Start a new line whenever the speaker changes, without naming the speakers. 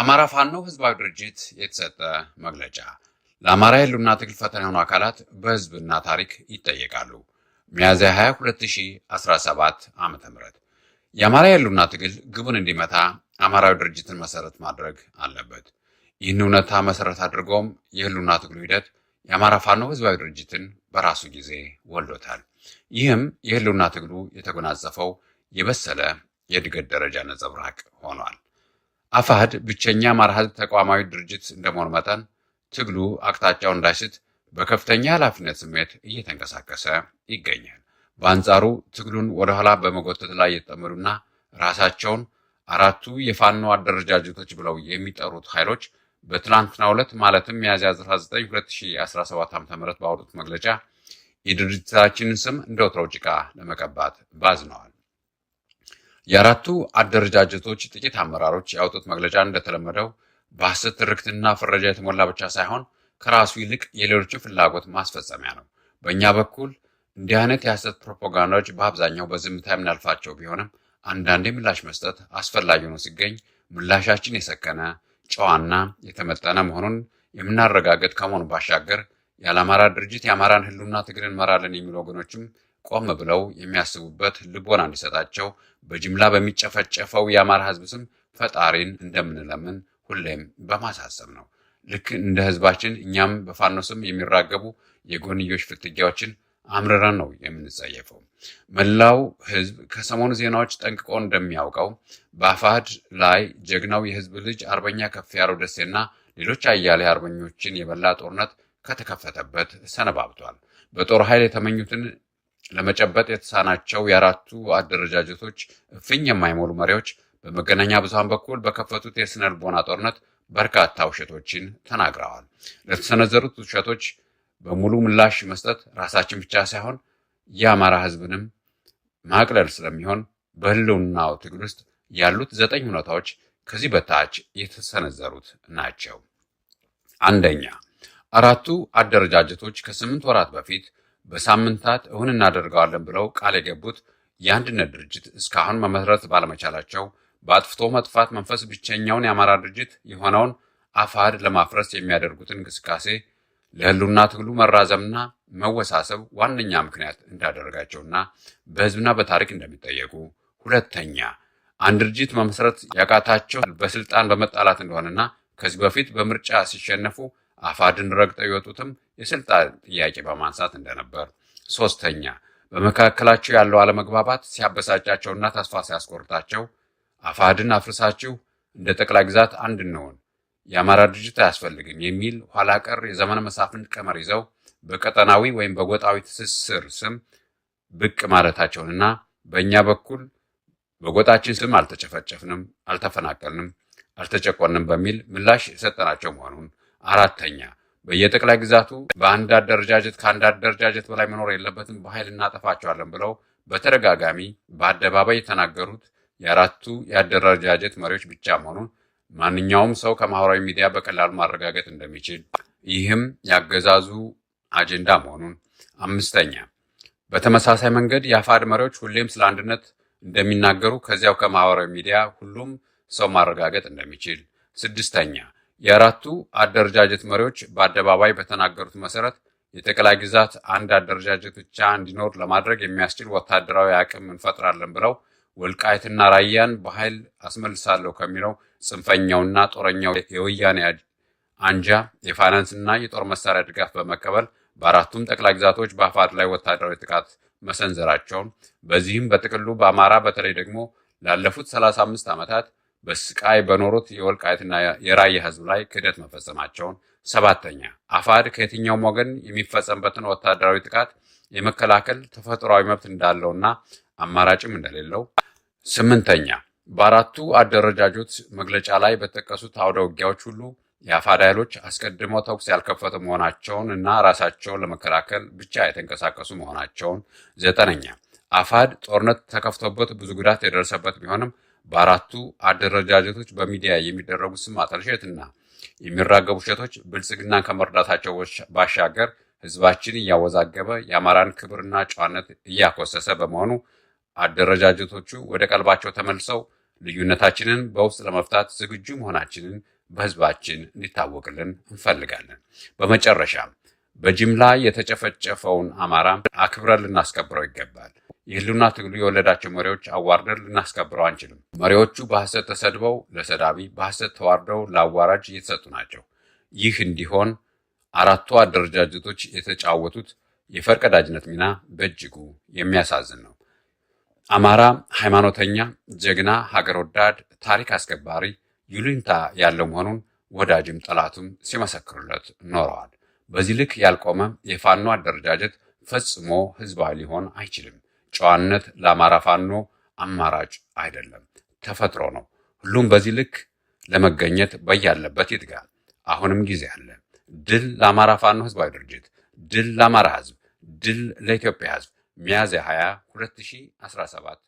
ከአማራ ፋኖ ህዝባዊ ድርጅት የተሰጠ መግለጫ ለአማራ የህልውና ትግል ፈተና የሆኑ አካላት በህዝብና ታሪክ ይጠየቃሉ። ሚያዝያ 22 2017 ም የአማራ የህልውና ትግል ግቡን እንዲመታ አማራዊ ድርጅትን መሰረት ማድረግ አለበት። ይህን እውነታ መሰረት አድርጎም የህልውና ትግሉ ሂደት የአማራ ፋኖ ህዝባዊ ድርጅትን በራሱ ጊዜ ወልዶታል። ይህም የህልውና ትግሉ የተጎናጸፈው የበሰለ የእድገት ደረጃ ነጸብራቅ ሆኗል። አፋህድ ብቸኛ ማርሃት ተቋማዊ ድርጅት እንደመሆኑ መጠን ትግሉ አቅጣጫው እንዳይስት በከፍተኛ ኃላፊነት ስሜት እየተንቀሳቀሰ ይገኛል። በአንጻሩ ትግሉን ወደኋላ በመጎተት ላይ የተጠመዱና ራሳቸውን አራቱ የፋኖ አደረጃጀቶች ብለው የሚጠሩት ኃይሎች በትናንትናው ዕለት ማለትም ሚያዝያ 19 2017 ዓ ም ባወጡት መግለጫ የድርጅታችንን ስም እንደ ወትሮው ጭቃ ለመቀባት ባዝነዋል። የአራቱ አደረጃጀቶች ጥቂት አመራሮች ያወጡት መግለጫ እንደተለመደው በሐሰት ትርክትና ፍረጃ የተሞላ ብቻ ሳይሆን ከራሱ ይልቅ የሌሎችን ፍላጎት ማስፈጸሚያ ነው። በእኛ በኩል እንዲህ አይነት የሐሰት ፕሮፓጋንዳዎች በአብዛኛው በዝምታ የምናልፋቸው ቢሆንም አንዳንዴ ምላሽ መስጠት አስፈላጊ ሆኖ ሲገኝ ምላሻችን የሰከነ ጨዋና የተመጠነ መሆኑን የምናረጋግጥ ከመሆኑ ባሻገር ያለ አማራ ድርጅት የአማራን ሕልውና ትግል እንመራለን የሚሉ ወገኖችም ቆም ብለው የሚያስቡበት ልቦና እንዲሰጣቸው በጅምላ በሚጨፈጨፈው የአማራ ሕዝብ ስም ፈጣሪን እንደምንለምን ሁሌም በማሳሰብ ነው። ልክ እንደ ሕዝባችን እኛም በፋኖ ስም የሚራገቡ የጎንዮሽ ፍትጊያዎችን አምርረን ነው የምንጸየፈው። መላው ሕዝብ ከሰሞኑ ዜናዎች ጠንቅቆ እንደሚያውቀው በአፋድ ላይ ጀግናው የሕዝብ ልጅ አርበኛ ከፍ ከፍያለው ደሴና ሌሎች አያሌ አርበኞችን የበላ ጦርነት ከተከፈተበት ሰነባብቷል። በጦር ኃይል የተመኙትን ለመጨበጥ የተሳናቸው የአራቱ አደረጃጀቶች እፍኝ የማይሞሉ መሪዎች በመገናኛ ብዙሃን በኩል በከፈቱት የስነ ልቦና ጦርነት በርካታ ውሸቶችን ተናግረዋል። ለተሰነዘሩት ውሸቶች በሙሉ ምላሽ መስጠት ራሳችን ብቻ ሳይሆን የአማራ ሕዝብንም ማቅለል ስለሚሆን በህልውናው ትግል ውስጥ ያሉት ዘጠኝ ሁኔታዎች ከዚህ በታች የተሰነዘሩት ናቸው። አንደኛ፣ አራቱ አደረጃጀቶች ከስምንት ወራት በፊት በሳምንታት እሁን እናደርገዋለን ብለው ቃል የገቡት የአንድነት ድርጅት እስካሁን መመስረት ባለመቻላቸው በአጥፍቶ መጥፋት መንፈስ ብቸኛውን የአማራ ድርጅት የሆነውን አፋድ ለማፍረስ የሚያደርጉት እንቅስቃሴ ለህሉና ትግሉ መራዘምና መወሳሰብ ዋነኛ ምክንያት እንዳደረጋቸውና በህዝብና በታሪክ እንደሚጠየቁ፣ ሁለተኛ አንድ ድርጅት መመስረት ያቃታቸው በስልጣን በመጣላት እንደሆነና ከዚህ በፊት በምርጫ ሲሸነፉ አፋድን ረግጠው የወጡትም የስልጣን ጥያቄ በማንሳት እንደነበር። ሶስተኛ በመካከላቸው ያለው አለመግባባት ሲያበሳጫቸውና ተስፋ ሲያስቆርጣቸው አፋድን አፍርሳችሁ እንደ ጠቅላይ ግዛት አንድ እንሆን፣ የአማራ ድርጅት አያስፈልግም የሚል ኋላ ቀር የዘመነ መሳፍንት ቀመር ይዘው በቀጠናዊ ወይም በጎጣዊ ትስስር ስም ብቅ ማለታቸውንና በእኛ በኩል በጎጣችን ስም አልተጨፈጨፍንም፣ አልተፈናቀልንም፣ አልተጨቆንም በሚል ምላሽ የሰጠናቸው መሆኑን አራተኛ በየጠቅላይ ግዛቱ በአንድ አደረጃጀት ከአንድ አደረጃጀት በላይ መኖር የለበትም፣ በኃይል እናጠፋቸዋለን ብለው በተደጋጋሚ በአደባባይ የተናገሩት የአራቱ የአደረጃጀት መሪዎች ብቻ መሆኑን ማንኛውም ሰው ከማህበራዊ ሚዲያ በቀላሉ ማረጋገጥ እንደሚችል ይህም ያገዛዙ አጀንዳ መሆኑን። አምስተኛ በተመሳሳይ መንገድ የአፋድ መሪዎች ሁሌም ስለ አንድነት እንደሚናገሩ ከዚያው ከማህበራዊ ሚዲያ ሁሉም ሰው ማረጋገጥ እንደሚችል። ስድስተኛ የአራቱ አደረጃጀት መሪዎች በአደባባይ በተናገሩት መሰረት የጠቅላይ ግዛት አንድ አደረጃጀት ብቻ እንዲኖር ለማድረግ የሚያስችል ወታደራዊ አቅም እንፈጥራለን ብለው ወልቃይትና ራያን በኃይል አስመልሳለሁ ከሚለው ጽንፈኛውና ጦረኛው የወያኔ አንጃ የፋይናንስና የጦር መሳሪያ ድጋፍ በመቀበል በአራቱም ጠቅላይ ግዛቶች በአፋር ላይ ወታደራዊ ጥቃት መሰንዘራቸውን በዚህም በጥቅሉ በአማራ በተለይ ደግሞ ላለፉት 35 ዓመታት በስቃይ በኖሩት የወልቃይትና የራያ ህዝብ ላይ ክህደት መፈጸማቸውን፣ ሰባተኛ አፋድ ከየትኛውም ወገን የሚፈጸምበትን ወታደራዊ ጥቃት የመከላከል ተፈጥሯዊ መብት እንዳለውና አማራጭም እንደሌለው፣ ስምንተኛ በአራቱ አደረጃጆች መግለጫ ላይ በተጠቀሱት አውደ ውጊያዎች ሁሉ የአፋድ ኃይሎች አስቀድመው ተኩስ ያልከፈቱ መሆናቸውን እና ራሳቸውን ለመከላከል ብቻ የተንቀሳቀሱ መሆናቸውን፣ ዘጠነኛ አፋድ ጦርነት ተከፍቶበት ብዙ ጉዳት የደረሰበት ቢሆንም በአራቱ አደረጃጀቶች በሚዲያ የሚደረጉ ስም አጥልሸትና የሚራገቡ ውሸቶች ብልጽግናን ከመርዳታቸው ባሻገር ህዝባችን እያወዛገበ የአማራን ክብርና ጨዋነት እያኮሰሰ በመሆኑ አደረጃጀቶቹ ወደ ቀልባቸው ተመልሰው ልዩነታችንን በውስጥ ለመፍታት ዝግጁ መሆናችንን በህዝባችን እንዲታወቅልን እንፈልጋለን። በመጨረሻም በጅምላ የተጨፈጨፈውን አማራ አክብረን ልናስከብረው ይገባል። የህልውና ትግሉ የወለዳቸው መሪዎች አዋርደን ልናስከብረው አንችልም። መሪዎቹ በሐሰት ተሰድበው ለሰዳቢ፣ በሐሰት ተዋርደው ለአዋራጅ እየተሰጡ ናቸው። ይህ እንዲሆን አራቱ አደረጃጀቶች የተጫወቱት የፈርቀዳጅነት ሚና በእጅጉ የሚያሳዝን ነው። አማራ ሃይማኖተኛ፣ ጀግና፣ ሀገር ወዳድ፣ ታሪክ አስከባሪ፣ ይሉኝታ ያለው መሆኑን ወዳጅም ጠላቱም ሲመሰክሩለት ኖረዋል። በዚህ ልክ ያልቆመ የፋኖ አደረጃጀት ፈጽሞ ህዝባዊ ሊሆን አይችልም። ጨዋነት ለአማራ ፋኖ አማራጭ አይደለም፣ ተፈጥሮ ነው። ሁሉም በዚህ ልክ ለመገኘት በያለበት ይትጋ። አሁንም ጊዜ አለ። ድል ለአማራ ፋኖ ህዝባዊ ድርጅት፣ ድል ለአማራ ህዝብ፣ ድል ለኢትዮጵያ ህዝብ። ሚያዝያ 20 2017